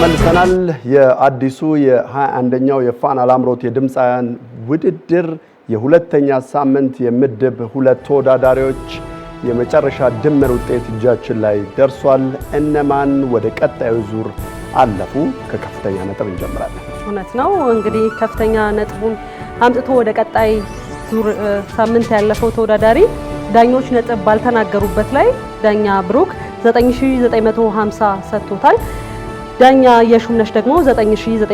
ተመልሰናል። የአዲሱ የ21ኛው የፋና ላምሮት የድምፃውያን ውድድር የሁለተኛ ሳምንት የምድብ ሁለት ተወዳዳሪዎች የመጨረሻ ድምር ውጤት እጃችን ላይ ደርሷል። እነማን ወደ ቀጣዩ ዙር አለፉ? ከከፍተኛ ነጥብ እንጀምራለን። እውነት ነው እንግዲህ ከፍተኛ ነጥቡን አምጥቶ ወደ ቀጣይ ዙር ሳምንት ያለፈው ተወዳዳሪ ዳኞች ነጥብ ባልተናገሩበት ላይ ዳኛ ብሩክ 9950 ሰጥቶታል። ዳኛ የሹምነሽ ደግሞ 9950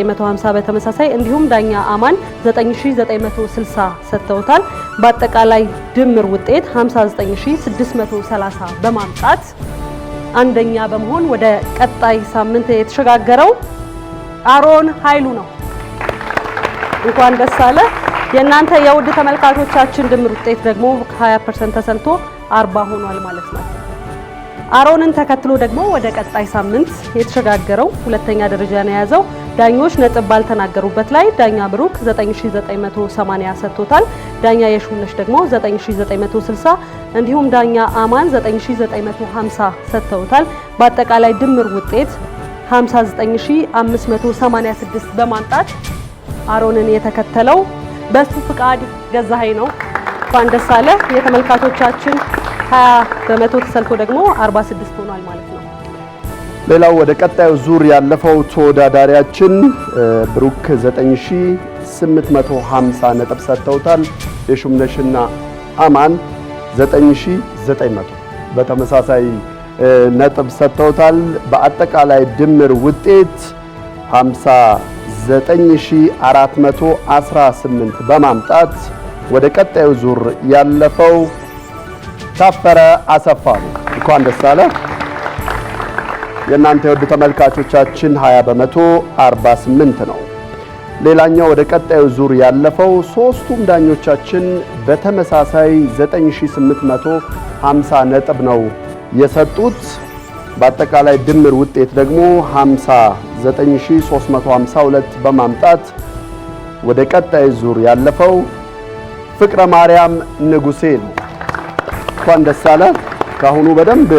በተመሳሳይ እንዲሁም ዳኛ አማን 9960 ሰጥተውታል። በአጠቃላይ ድምር ውጤት 59630 በማምጣት አንደኛ በመሆን ወደ ቀጣይ ሳምንት የተሸጋገረው አሮን ኃይሉ ነው። እንኳን ደስ አለ። የእናንተ የውድ ተመልካቾቻችን ድምር ውጤት ደግሞ 20% ተሰልቶ 40 ሆኗል ማለት ነው። አሮንን ተከትሎ ደግሞ ወደ ቀጣይ ሳምንት የተሸጋገረው ሁለተኛ ደረጃን የያዘው ዳኞች ነጥብ ባልተናገሩበት ላይ ዳኛ ብሩክ 9980 ሰጥቶታል። ዳኛ የሹነሽ ደግሞ 9960 እንዲሁም ዳኛ አማን 9950 ሰጥተውታል። በአጠቃላይ ድምር ውጤት 59586 በማምጣት አሮንን የተከተለው በሱ ፍቃድ ገዛኸኝ ነው። እንኳን ደስ አለ የተመልካቾቻችን 20 በመቶ ተሰልፎ ደግሞ 46 ሆኗል ማለት ነው። ሌላው ወደ ቀጣዩ ዙር ያለፈው ተወዳዳሪያችን ብሩክ 9850 ነጥብ ሰጥተውታል። የሹምነሽና አማን 9900 በተመሳሳይ ነጥብ ሰጥተውታል። በአጠቃላይ ድምር ውጤት 59418 በማምጣት ወደ ቀጣዩ ዙር ያለፈው ታፈረ አሰፋ ነው። እንኳን ደስ አለ። የእናንተ የወዱ ተመልካቾቻችን 20 በመቶ 48 ነው። ሌላኛው ወደ ቀጣዩ ዙር ያለፈው ሶስቱም ዳኞቻችን በተመሳሳይ 9850 ነጥብ ነው የሰጡት። በአጠቃላይ ድምር ውጤት ደግሞ 59352 በማምጣት ወደ ቀጣይ ዙር ያለፈው ፍቅረ ማርያም ንጉሴ ነው። እንኳን ደስ አላት። ከአሁኑ በደንብ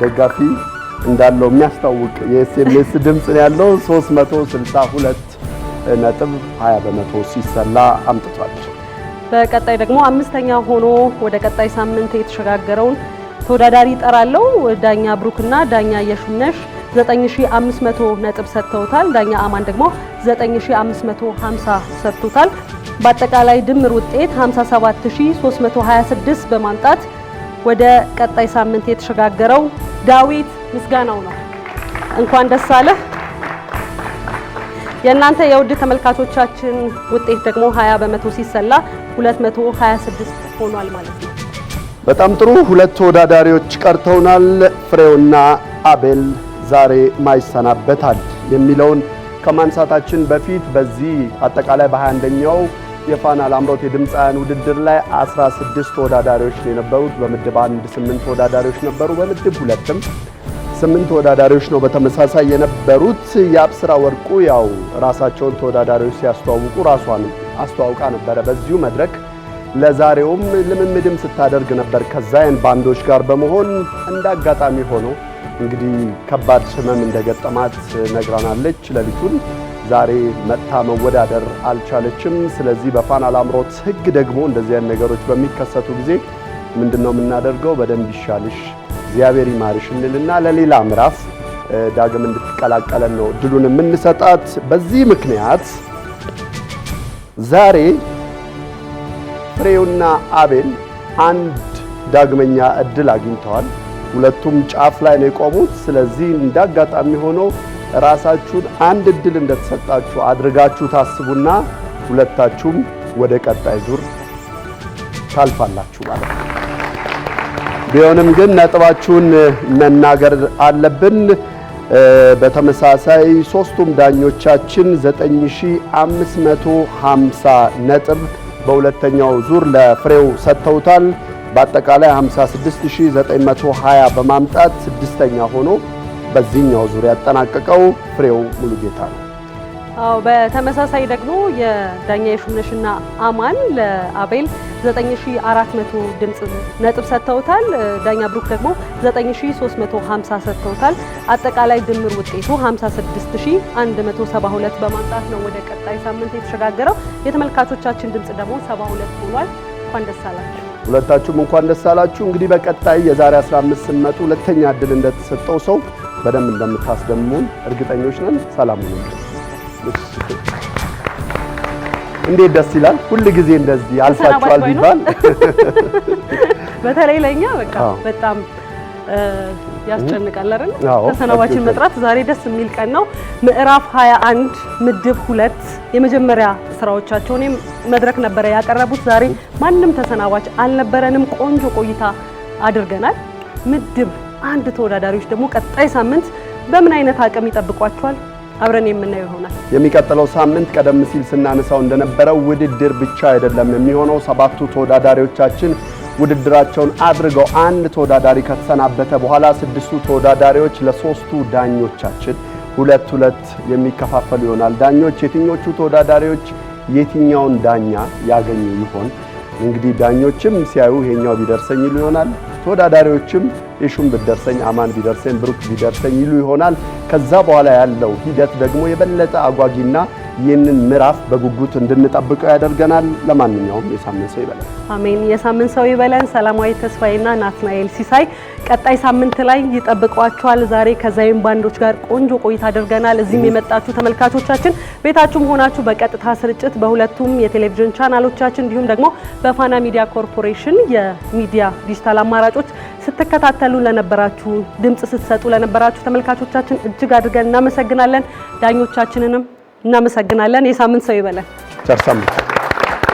ደጋፊ እንዳለው የሚያስታውቅ የኤስኤምኤስ ድምፅ ነው ያለው። 362 ነጥብ 20 በመቶ ሲሰላ አምጥቷል። በቀጣይ ደግሞ አምስተኛ ሆኖ ወደ ቀጣይ ሳምንት የተሸጋገረውን ተወዳዳሪ ይጠራለው ዳኛ ብሩክና ዳኛ የሹነሽ 9500 ነጥብ ሰጥተውታል። ዳኛ አማን ደግሞ 9550 ሰጥቶታል። በአጠቃላይ ድምር ውጤት 57326 በማምጣት ወደ ቀጣይ ሳምንት የተሸጋገረው ዳዊት ምስጋናው ነው። እንኳን ደስ አለህ። የእናንተ የውድ ተመልካቾቻችን ውጤት ደግሞ 20 በመቶ ሲሰላ 226 ሆኗል ማለት ነው። በጣም ጥሩ። ሁለት ተወዳዳሪዎች ቀርተውናል። ፍሬውና አቤል ዛሬ ማይሰናበታል የሚለውን ከማንሳታችን በፊት በዚህ አጠቃላይ በ21ኛው የፋና ላምሮት የድምፃውያን ውድድር ላይ 16 ተወዳዳሪዎች ነው የነበሩት። በምድብ አንድ 8 ተወዳዳሪዎች ነበሩ። በምድብ ሁለትም 8 ተወዳዳሪዎች ነው በተመሳሳይ የነበሩት። የአብስራ ወርቁ ያው ራሳቸውን ተወዳዳሪዎች ሲያስተዋውቁ ራሷን አስተዋውቃ ነበረ በዚሁ መድረክ። ለዛሬውም ልምምድም ስታደርግ ነበር ከዛይን ባንዶች ጋር በመሆን እንደ አጋጣሚ ሆኖ እንግዲህ ከባድ ህመም እንደገጠማት ነግራናለች። ለሊቱን ዛሬ መጥታ መወዳደር አልቻለችም። ስለዚህ በፋና ላምሮት ህግ ደግሞ እንደዚህ አይነት ነገሮች በሚከሰቱ ጊዜ ምንድን ነው የምናደርገው? በደንብ ይሻልሽ፣ እግዚአብሔር ይማርሽ እንልና ለሌላ ምዕራፍ ዳግም እንድትቀላቀለን ነው እድሉን የምንሰጣት። በዚህ ምክንያት ዛሬ ፍሬውና አቤል አንድ ዳግመኛ እድል አግኝተዋል። ሁለቱም ጫፍ ላይ ነው የቆሙት። ስለዚህ እንዳጋጣሚ ሆኖ ራሳችሁን አንድ እድል እንደተሰጣችሁ አድርጋችሁ ታስቡና ሁለታችሁም ወደ ቀጣይ ዙር ታልፋላችሁ ማለት ነው። ቢሆንም ግን ነጥባችሁን መናገር አለብን። በተመሳሳይ ሶስቱም ዳኞቻችን 9550 ነጥብ በሁለተኛው ዙር ለፍሬው ሰጥተውታል። በአጠቃላይ 56920 በማምጣት ስድስተኛ ሆኖ በዚህኛው ዙሪያ ያጠናቀቀው ፍሬው ሙሉጌታ ነው። አዎ በተመሳሳይ ደግሞ የዳኛ የሹምነሽና አማን ለአቤል 9400 ድምጽ ነጥብ ሰጥተውታል። ዳኛ ብሩክ ደግሞ 9350 ሰጥተውታል። አጠቃላይ ድምር ውጤቱ 56172 በማምጣት ነው ወደ ቀጣይ ሳምንት የተሸጋገረው። የተመልካቾቻችን ድምጽ ደግሞ 72 ሆኗል። እንኳን ደስ አላችሁ። ሁለታችሁም እንኳን ደስ አላችሁ። እንግዲህ በቀጣይ የዛሬ 15 ስመጡ ሁለተኛ እድል እንደተሰጠው ሰው በደንብ እንደምታስደምሙን እርግጠኞች ነን። ሰላም ነው። እንዴት ደስ ይላል! ሁል ጊዜ እንደዚህ አልፋችኋል ቢባል በተለይ ለኛ በቃ በጣም ያስጨንቃል አይደል? ተሰናባችን መጥራት ዛሬ ደስ የሚል ቀን ነው። ምዕራፍ 21 ምድብ ሁለት የመጀመሪያ ስራዎቻቸውን መድረክ ነበረ ያቀረቡት። ዛሬ ማንም ተሰናባች አልነበረንም። ቆንጆ ቆይታ አድርገናል። ምድብ አንድ ተወዳዳሪዎች ደግሞ ቀጣይ ሳምንት በምን አይነት አቅም ይጠብቋቸዋል አብረን የምናየው ይሆናል። የሚቀጥለው ሳምንት ቀደም ሲል ስናነሳው እንደነበረው ውድድር ብቻ አይደለም የሚሆነው። ሰባቱ ተወዳዳሪዎቻችን ውድድራቸውን አድርገው አንድ ተወዳዳሪ ከተሰናበተ በኋላ ስድስቱ ተወዳዳሪዎች ለሶስቱ ዳኞቻችን ሁለት ሁለት የሚከፋፈሉ ይሆናል። ዳኞች የትኞቹ ተወዳዳሪዎች የትኛውን ዳኛ ያገኙ ይሆን? እንግዲህ ዳኞችም ሲያዩ ይሄኛው ቢደርሰኝ ይሆናል። ተወዳዳሪዎችም ይሹም ብደርሰኝ አማን ቢደርሰኝ ብሩክ ቢደርሰኝ ይሉ ይሆናል። ከዛ በኋላ ያለው ሂደት ደግሞ የበለጠ አጓጊና ይህንን ምዕራፍ በጉጉት እንድንጠብቀው ያደርገናል። ለማንኛውም የሳምንት ሰው ይበለን። አሜን። የሳምንት ሰው ይበለን። ሰላማዊ ተስፋዬና ናትናኤል ሲሳይ ቀጣይ ሳምንት ላይ ይጠብቋቸዋል። ዛሬ ከዛይን ባንዶች ጋር ቆንጆ ቆይታ አድርገናል። እዚህም የመጣችሁ ተመልካቾቻችን ቤታችሁም ሆናችሁ በቀጥታ ስርጭት በሁለቱም የቴሌቪዥን ቻናሎቻችን እንዲሁም ደግሞ በፋና ሚዲያ ኮርፖሬሽን የሚዲያ ዲጂታል አማራጮች ስትከታተሉ ለነበራችሁ፣ ድምጽ ስትሰጡ ለነበራችሁ ተመልካቾቻችን እጅግ አድርገን እናመሰግናለን። ዳኞቻችንንም እናመሰግናለን። የሳምንት ሰው ይበለን።